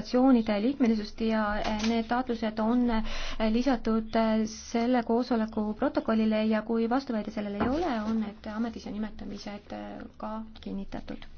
kvalifikatsioonide liikmelisust ja eh, need taotlused on eh, lisatud eh, selle koosoleku protokollile ja kui vastuväide sellele ei ole, on need ametisse nimetamised ka kinnitatud.